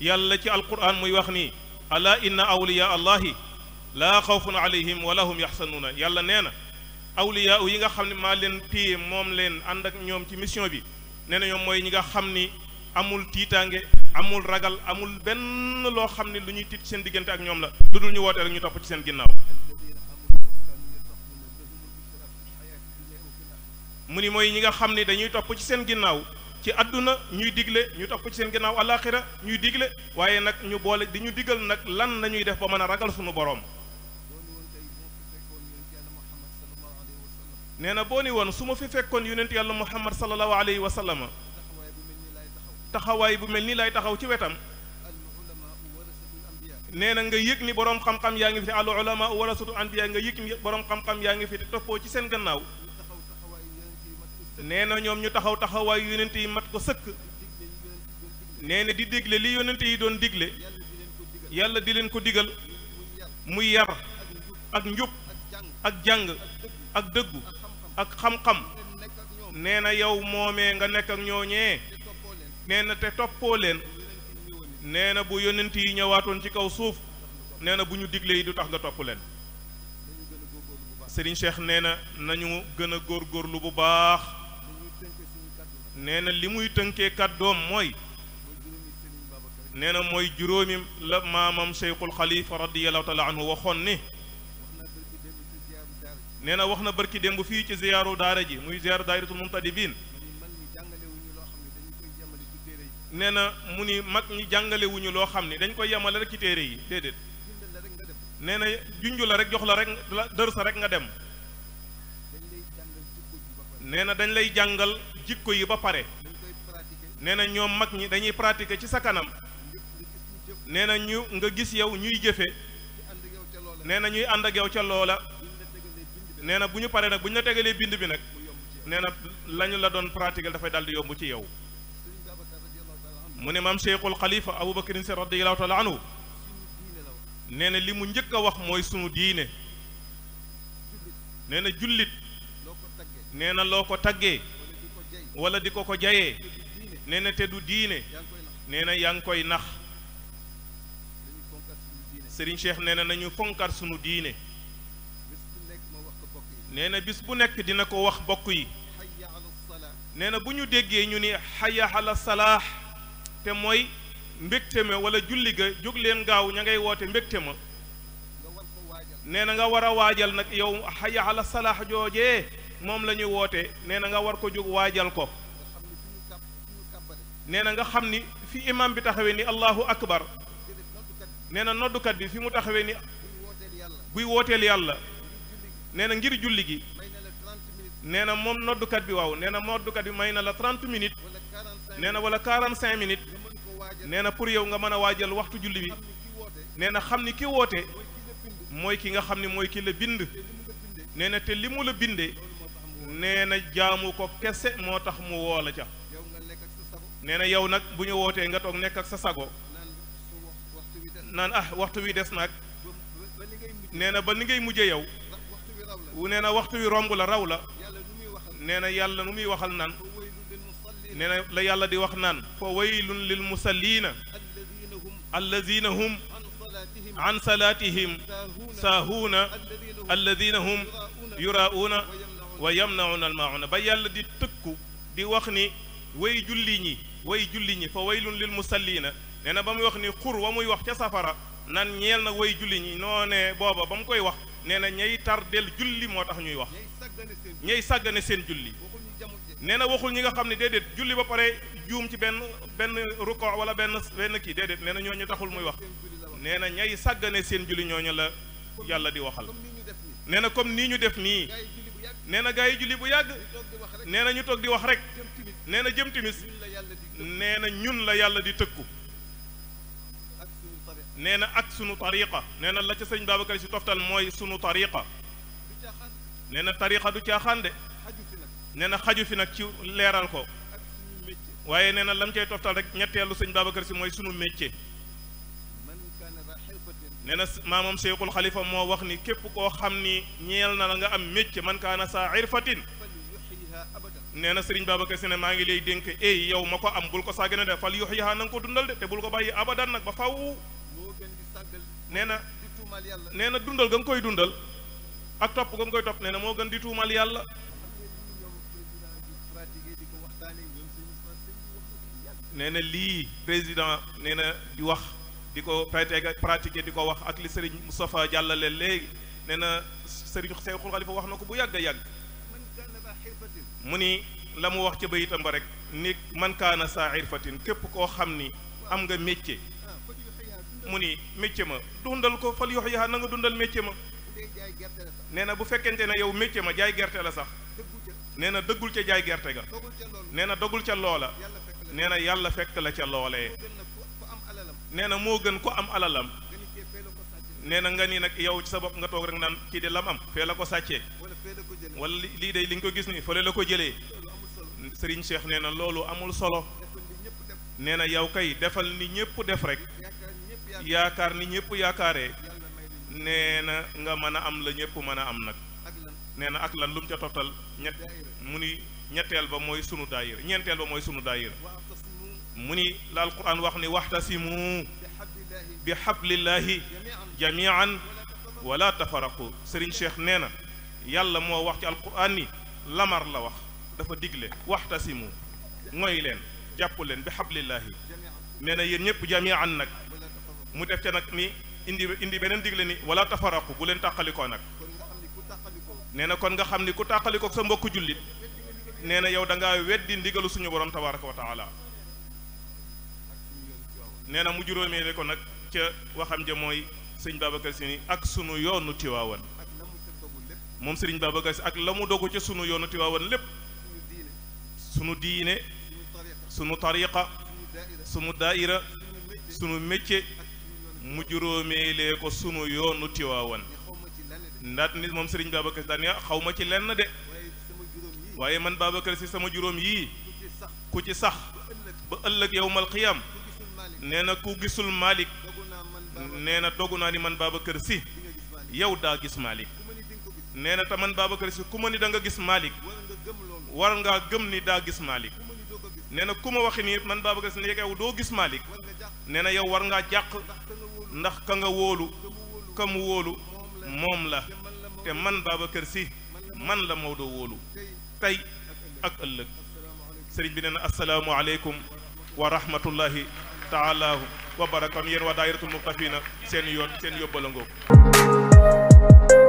yàlla ci alquran muy wax nii ala inna awliya allahi laa xawfun alayhim wala hum yaxsanuuna yàlla nee na awliya yi nga xam ne maa leen téye moom leen ànd ak ñoom ci mission bi nee na ñoom mooy ñi nga xam ni amul tiitaange amul ragal amul benn loo xam ne lu ñuy tiit seen diggante ak ñoom la lu dul ñu woote rek ñuy topp ci seen ginnaaw mu ni mooy ñi nga xam ni dañuy topp ci seen ginnaaw ci àdduna ñuy digle ñu topp ci seen ginnaaw àllaaxira ñuy digle waaye nag ñu boole di ñu digal nag lan la ñuy def ba mën a ragal suñu boroom nee na boo ni woon su ma fi fekkoon yonent yàlla muhammad sallallahu alayhi wa sallam taxawaay bu mel nii lay taxaw ci wetam nee na nga yéeg ni boroom xam-xam yaa ngi fi al ulama warasatu anbiya nga yëg ni boroom xam-xam yaa ngi fi te toppoo ci seen gannaaw nee na ñoom ñu taxaw taxawaay yonent yi mat ko sëkk nee di digle li yonent yi doon digle yàlla di leen ko digal muy yar ak njub ak jàng ak dëggu ak xam-xam nee na yow moomee nga nekk ak ñooñee nee na te toppoo leen nee na bu yonent yi ñëwaatoon ci kaw suuf nee na bu ñu digle yi du tax nga topp leen Serigne Cheikh nee na nañu gën a góorgóorlu bu baax nee na li muy tënkee doom mooy nee na mooy juróomi la maamam Cheikhul Khalifa radiyallahu taala anhu waxoon ni nee na wax na barki démb fii ci ziyaaru daara ji muy ziyaaru dairatul mumtadibin nee na mu ni mag ñi jàngalewuñu loo xam ne dañ koy yemale rek ci téere yi déedéet nee na junj la rek jox la rek dër sa rek nga dem nee na dañ lay jàngal jikko yi ba pare nee na ñoom mag ñi dañuy pratiquer ci sa kanam nee na ñu nga gis yow ñuy jëfe nee na ñuy ànd ak yow ca loola nee na bu ñu paree nag bu ñu la tegalee bind bi nag nee na lañu la doon pratiquer dafay daldi yomb ci yow mu ne maam Cheikhul Khalifa Aboubacar Si radiyallahu taala anhu na li mu njëkk a wax mooy sunu diine nee na jullit nee na loo ko taggee wala di ko ko jayee nee te du diine nee yaa ngi koy nax sëriñ Cheikh nee na nañu fonkar sunu diine nee na bis bu nekk dina ko wax bokk yi nee na bu ñu déggee ñu ni xaya ala salaax te mooy mbégte ma wala julli ga jóg leen gaaw ña ngay woote mbégte ma nee na nga war a waajal nag yow xaya ala salaax joojee moom la ñu woote nee na nga war ko jóg waajal ko nee na nga xam ni fi imam bi taxawee ni allahu akbar nee na noddukat bi fi mu taxawee ni buy wooteel yàlla nee na ngir julli gi nee na moom noddukat bi waaw nee na noddukat bi may na la 30 minutes nee na wala 45 minutes nee na pour yow nga mën a waajal waxtu julli bi nee na xam ni ki woote mooy ki nga xam ni mooy ki la bind nee na te li mu la bindee nee na jaamu ko kese moo tax mu woola la ca nee na yow nag bu ñu wootee nga toog nekk ak sa sago ah waxtu wi des nag nee na ba ni ngay mujje yow nee na waxtu wi romb la raw la nee na yàlla nu muy waxal naan nee la yàlla di wax naan fa waylun lil musalliina allazina hum an salaatihim saahuuna allazina hum yuraa'uuna wa yamnauna almauna ba yàlla di tëkku di wax ni way julli ñi way julli ñi fa waylun lil musalliina nee na ba muy wax ni xur wa muy wax ca safara nan ñeel na way julli ñi noonee booba ba mu koy wax nee na ñay tardeel julli moo tax ñuy wax ñay sàggane seen julli nee na waxul ñi nga xam ne déedéet julli ba pare juum ci benn benn ruko wala benn benn kii déedéet nee na ñu taxul muy wax nee na ñay sàggane seen julli ñooñu la yàlla di waxal nee na nii ñu nii nee na gaa yi julli bu yàgg nee na ñu toog di wax rek nee na jëm timis nee na ñun la yàlla di tëkku nee na ak sunu tariqa nee na la ca sëñ Babacar si toftal mooy sunu tariqa nee na tariqa du caaxaan de nee na xaju fi nag ci leeral ko waaye nee na lam cay toftal rek ñetteelu sëñ Babacar si mooy sunu métier. nee na maamam Cheikhul xalifa moo wax ni képp koo xam ni ñeel na la nga am métier mankaana kaana saa irfatin nee na Serigne Babacar Sy ne maa ngi lay dénk ey yow ma ko am bul ko sàggane de fal yuhyiha na nga ko dundal de te bul ko bàyyi abadan nag ba faw nee na nee na dundal ga nga koy dundal ak topp ga nga koy topp nee na moo gën di tuumal yàlla nee na lii président nee na di wax di ko pratiquer di ko wax ak li sëriñ Moustapha jàllale léegi nee na sëriñ Seexul Xalifa wax na ko bu yàgg a yàgg mu ni la mu wax ca ba bayitam ba rek ni man kaana saa irfatin képp koo xam ni am nga métier mu ni métier ma dundal ko fal yox yaa na nga dundal métier ma nee na bu fekkente ne yow métier ma jaay gerte la sax nee na dëggul ca jaay gerte ga nee na dogul ca loola nee yàlla fekk la ca loolee nee na moo gën ko am alalam nee na nga nii nag yow ci sa bopp nga toog rek naan kii de lam am fee la ko sàccee wala lii dey li nga ko gis nii fële la ko jëlee sëriñ seex nee na loolu amul solo nee na yow kay defal ni ñëpp def rek yaakaar ni ñëpp yaakaaree nee na nga mën a am la ñëpp mën a am nag nee na ak lan lu mu ca toftal ñett mu ni ñetteel ba mooy sunu daayira ñeenteel ba mooy sunu daayira mu ni la alquran wax ni waxtasimu bi xablillahi jamian wala tafaraqu sëriñ cheikh nee na yàlla moo wax ci alquran ni lamar la wax dafa digle waxta waxtasimu mooy leen jàpp leen bi xablillahi nee na yéen ñëpp jamian nag mu def ca nag ni indi indi beneen digle ni wala tafaraqu bu leen tàqalikoo nag nee na kon nga xam ni ku tàqalikoo sa mbokku jullit nee na yow da ngaa weddi ndigalu suñu borom tabaraka wa taala nee na mu juróomeele ko nag ca waxam ja mooy sëñ Babacar Sy ni ak sunu yoonu Tiwaawan moom sëriñ Babacar Sy ak la mu dogu ca sunu yoonu Tiwaawan lépp sunu diine sunu tariqa sunu daaira sunu métier mu juróomeelee ko sunu yoonu Tiwaawan ndaat ni moom sëriñ Babacar Sy ya ni ah, xaw ma ci lenn de waaye man Babacar Sy sama juróom yii ku ci sax ba ëllëg yowmal nee na ku gisul Malick nee na dogu naa ni man baaba kër si yow daa gis Malick nee na te man Babacar Sy ku ma ni da gis Malick war ngaa gëm ni daa gis Malick nee na ku ma waxi nii man Babacar Sy ne yow doo gis Malick nee na yow war ngaa jàq ndax ka nga wóolu ka mu moom la te man kër si man la Maodo woolu tey ak ëllëg sëriñ bi nee na asalaamualeykum wa rahmatullahi taalaahu wa baraka kon yéen waa daayiratul muqtafina seen yoon seen yóbbala ngoog